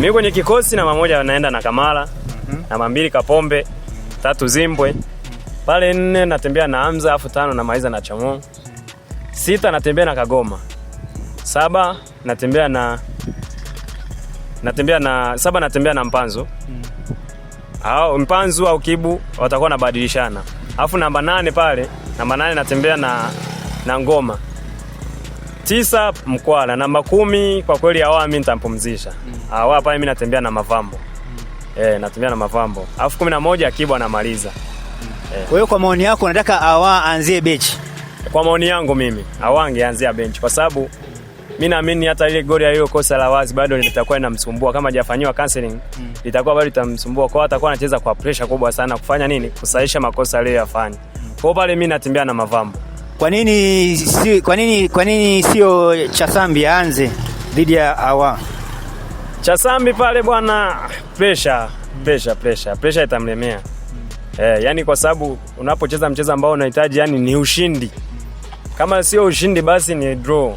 Mimi kwenye kikosi namba moja naenda na Kamala, namba mbili Kapombe, tatu Zimbwe, pale nne natembea na Hamza, afu tano namaliza na Chamo, sita natembea na Kagoma, saba natembea na natembea na saba natembea na Mpanzu au Mpanzu au Kibu watakuwa nabadilishana, afu namba nane pale, namba nane natembea na na Ngoma tisa mkwala, namba kumi kwa kweli hawa mimi nitampumzisha. Mm. Hawa hapa mimi natembea na mavambo. mm. Eh, natembea na mavambo. Alafu 11 Akibu anamaliza. mm. Eh. Kwa hiyo kwa maoni yako unataka hawa aanzie benchi? Kwa maoni yangu mimi hawa angeanzia benchi kwa sababu mimi naamini hata ile goli hiyo kosa la wazi bado litakuwa inamsumbua kama hajafanyiwa counseling, mm. litakuwa bado litamsumbua kwa atakuwa anacheza kwa pressure kubwa sana kufanya nini? Kusahisha makosa aliyoyafanya. Mm. Kwa hiyo pale mimi natembea na mavambo. Kwa nini si, kwa nini kwa nini sio Chasambi aanze dhidi ya Awa? Chasambi pale bwana, pressure pressure pressure pressure itamlemea. Mm. Eh, yani kwa sababu unapocheza mchezo ambao unahitaji yani ni ushindi. Kama sio ushindi basi ni draw.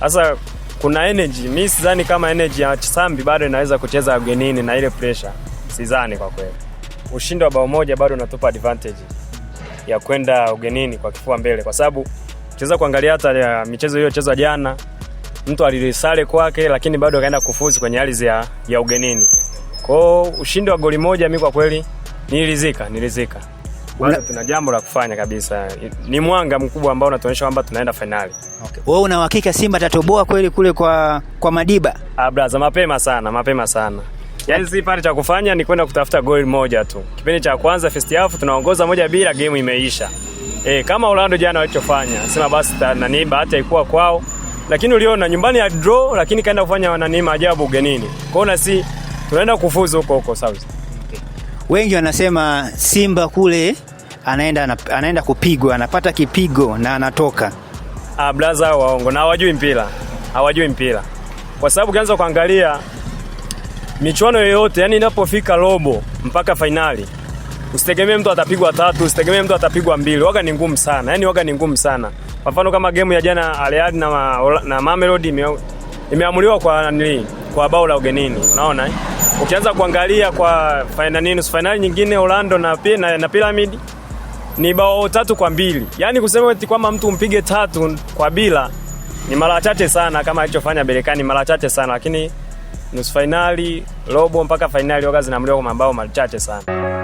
Sasa kuna energy, mimi sidhani kama energy ya Chasambi bado inaweza kucheza ugenini na ile pressure. Sidhani kwa kweli. Ushindi wa bao moja bado unatupa advantage ya kwenda ugenini kwa kifua mbele, kwa sababu ukiweza kuangalia hata eh, michezo iliyochezwa jana, mtu alisale kwake, lakini bado akaenda kufuzu kwenye ardhi ya, ya ugenini. Kwao ushindi wa goli moja, mimi kwa kweli nilizika, nilizika bado una... tuna jambo la kufanya kabisa. Ni mwanga mkubwa ambao unatuonyesha kwamba tunaenda fainali. Okay. Wewe una uhakika Simba tatoboa kweli kule kwa kwa Madiba? abraza ah, mapema sana, mapema sana. Yaani si pale cha kufanya ni kwenda kutafuta goli moja tu. Kipindi cha kwanza first half tunaongoza moja bila, game imeisha. Eh, kama Orlando jana walichofanya, sema basi nani bahati haikuwa kwao. Lakini uliona nyumbani ya draw lakini kaenda kufanya nani maajabu ugenini. Kwa hiyo si tunaenda kufuzu huko huko South. Wengi wanasema Simba kule anaenda anaenda kupigwa, anapata kipigo na anatoka. Ah, blaza waongo na hawajui mpira. Hawajui mpira. Kwa sababu kianza kuangalia michuano yoyote, yani inapofika robo mpaka fainali, usitegemee mtu atapigwa tatu, usitegemee mtu atapigwa mbili. Waga ni ngumu sana, yani waga ni ngumu sana. Kwa mfano kama gemu ya jana Al na, na Mamelodi imeamuliwa kwa nani, kwa bao la ugenini, unaona eh? Ukianza kuangalia kwa fainali nusu fainali nyingine Orlando na, na, na Pyramid ni bao tatu kwa mbili. yani kusema eti kwamba mtu umpige tatu kwa bila ni mara chache sana, kama alichofanya Berekani mara chache sana, lakini nusu fainali, robo mpaka fainali, oga zinaamliwa kwa mabao machache sana.